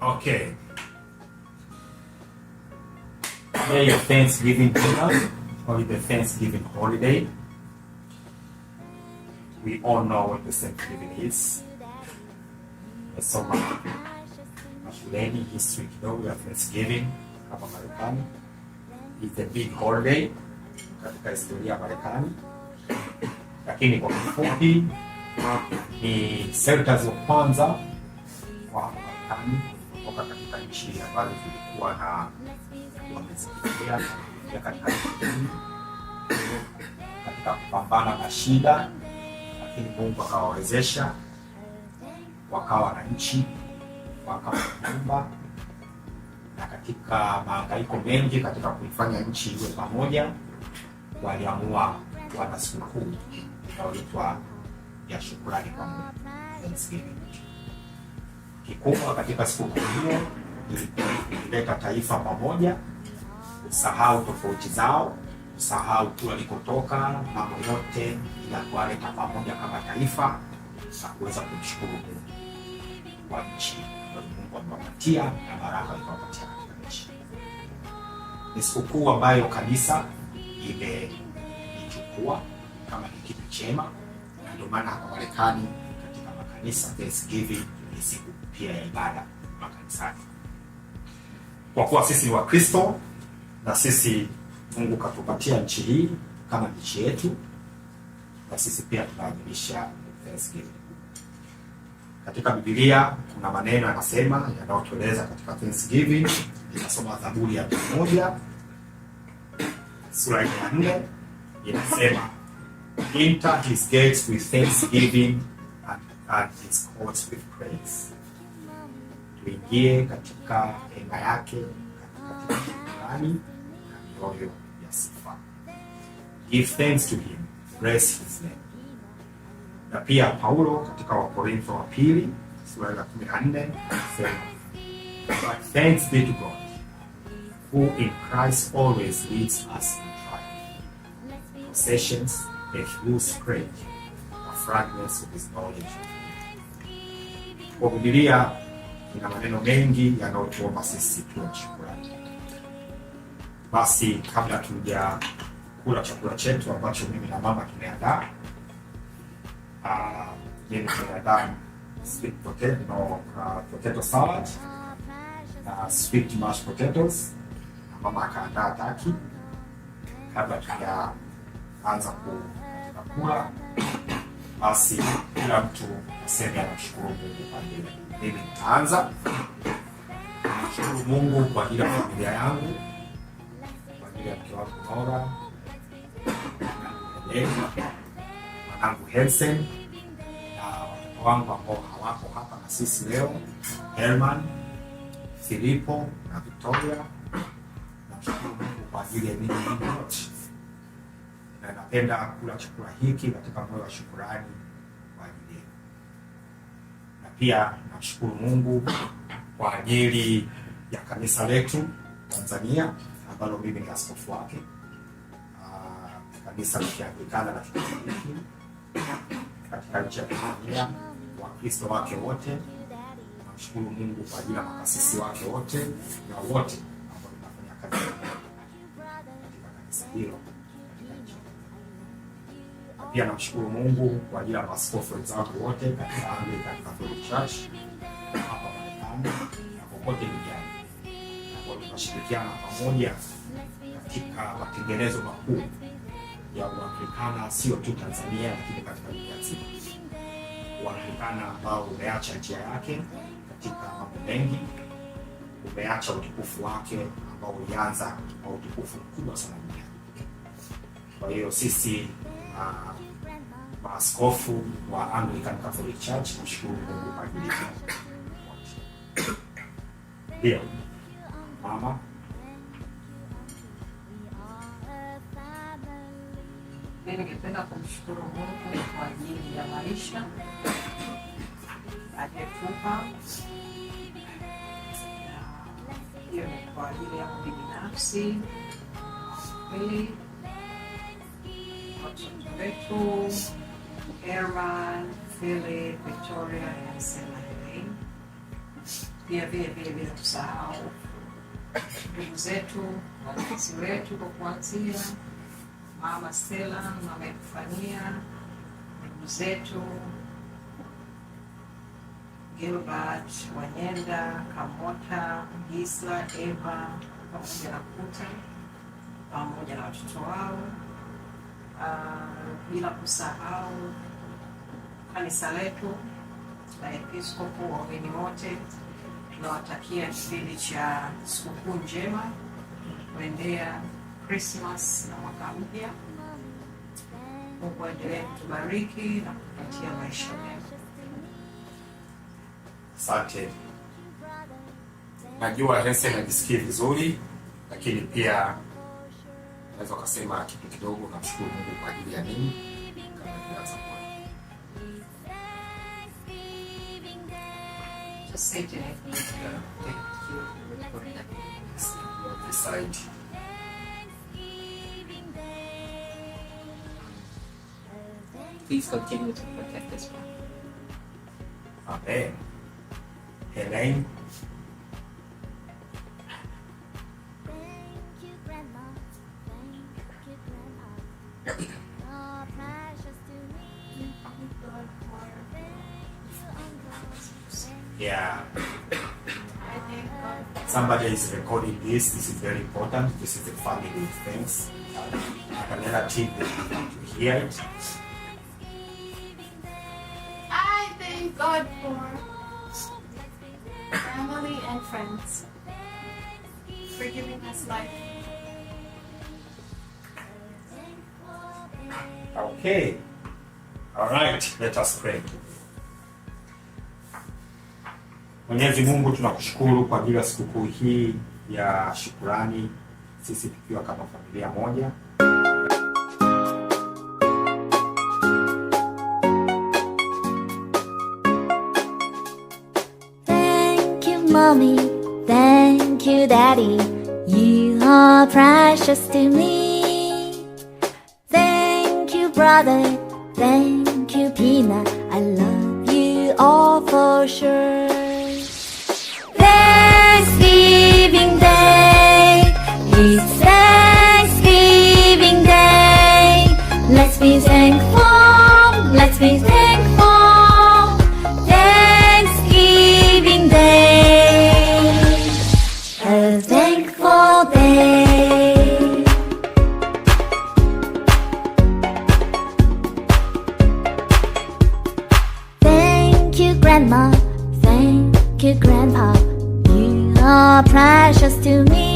Okay. Yeah, your Thanksgiving dinner or the Thanksgiving holiday. We all know what the Thanksgiving is. There's so much, much learning history You know, we have Thanksgiving hapa Marekani. It's a big holiday katika historia ya Marekani, lakini kwa kifupi ni serikali za kwanza kwa Marekani kutoka katika nchi ambazo zilikuwa na wameziia ya katika katika kupambana na shida, lakini Mungu akawawezesha wakawa na nchi wakawa na nyumba, na katika maangaiko mengi katika kuifanya nchi iwe pamoja, waliamua wana na sikukuu inayoitwa ya shukrani kwa Mungu kikubwa katika sikukuu hiyo kulileta taifa pamoja, usahau tofauti zao, usahau tu alikotoka, mambo yote ya kuwaleta pamoja kama taifa na kuweza kumshukuru Mungu kwa nchi Mungu amewapatia na baraka alizowapatia katika nchi. Ni sikukuu ambayo kanisa imeichukua kama ni kitu chema, na ndio maana hapa Marekani katika makanisa Thanksgiving ni siku pia ya ibada makanisani, kwa kuwa sisi ni Wakristo na sisi Mungu katupatia nchi hii kama nchi yetu, na sisi pia tunaadhimisha Thanksgiving. Katika Biblia kuna maneno yanasema yanayotueleza katika Thanksgiving, inasoma Zaburi ya mia moja sura ya nne inasema enter his gates with thanksgiving and, and his courts with praise uingie katika enda yake katika shukrani na mioyo ya sifa. Give thanks to him, praise his name. Na pia Paulo katika Wakorintho wa pili sura ya kumi na nne anasema But thanks be to God who in Christ always leads us in triumph, possessions that will spread a fragments of his knowledge. Kwa kudilia ina maneno mengi yanayotuomba sisi tuwe na shukrani. Basi kabla tuja kula chakula chetu ambacho mimi na mama tumeandaa, ah, mimi nimeandaa sweet potato, no, uh, ah, potato salad na uh, sweet mashed potatoes, mama akaandaa taki. Kabla tujaanza kula basi kila mtu aseme anamshukuru Mungu kwa hilo. Mimi nitaanza nashukuru Mungu kwa ajili ya familia yangu, kwa ajili ya mke wangu Nora, mwanangu Hensen na watoto wangu ambao hawako hapa na sisi leo, Herman, Filipo na Victoria. Nashukuru Mungu kwa ajili ya mimi na napenda kula chakula hiki katika moyo wa shukurani kwa ajili yenu, na pia namshukuru Mungu kwa ajili ya kanisa letu Tanzania ambalo mimi ni askofu wake. Ah, kanisa la Kianglikana la Kikatoliki katika nchi ya Tanzania, Wakristo wake wote. Namshukuru Mungu kwa ajili ya makasisi wake wote na wote ambao tunafanya kazi katika kanisa hilo. Pia namshukuru Mungu kwa ajili ya maaskofu wenzangu wote katika Anglican Catholic Church hapa Marekani na popote duniani, ambao tunashirikiana pamoja katika matengenezo makuu ya Uanglikana sio tu Tanzania, lakini katika dunia nzima. Uanglikana ambao umeacha njia yake katika mambo mengi, umeacha utukufu wake ambao ulianza kwa utukufu mkubwa sana duniani. Kwa hiyo sisi uh, askofu wa Anglican Catholic Church. Nashukuru Mungu kwa ajili ya ndio mama ningependa kumshukuru Mungu kwa ajili ya maisha aliyetupa. Hiyo ni kwa ajili yangu binafsi, watoto wetu Erman, Philip, Victoria and Selene. Pia vile vile bila kusahau ndugu zetu, wazazi wetu kwa kuanzia mama Stella, mama Ekufania, ndugu zetu Gilbert Wanyenda, Kamota, Gisla, Eva pamoja na Kuta pamoja na watoto wao, uh, bila kusahau kanisa letu la Episkopo, waumini wote tunawatakia kipindi cha sikukuu njema kuendea Krismas na mwaka mpya. Mungu aendelee kutubariki na kupatia maisha mema. Asante. Najua Hese najisikii vizuri, lakini pia naweza ukasema kitu kidogo, namshukuru Mungu kwa ajili ya nini kama state your name. Yeah. Thank you for the side. Please continue to protect this one. Amen. Her Yeah. Somebody is recording this. This is very important. This is the family things. Like a relative to hear it. I thank God for family and friends for giving us life. Okay. All right. Let us pray. Mwenyezi Mungu tunakushukuru kwa ajili ya sikukuu hii ya shukurani, sisi tukiwa kama familia moja. Thank you, mommy. Thank you, daddy. You are precious to me. Thank you, brother. Thank you, Pina. I love you all for sure. to me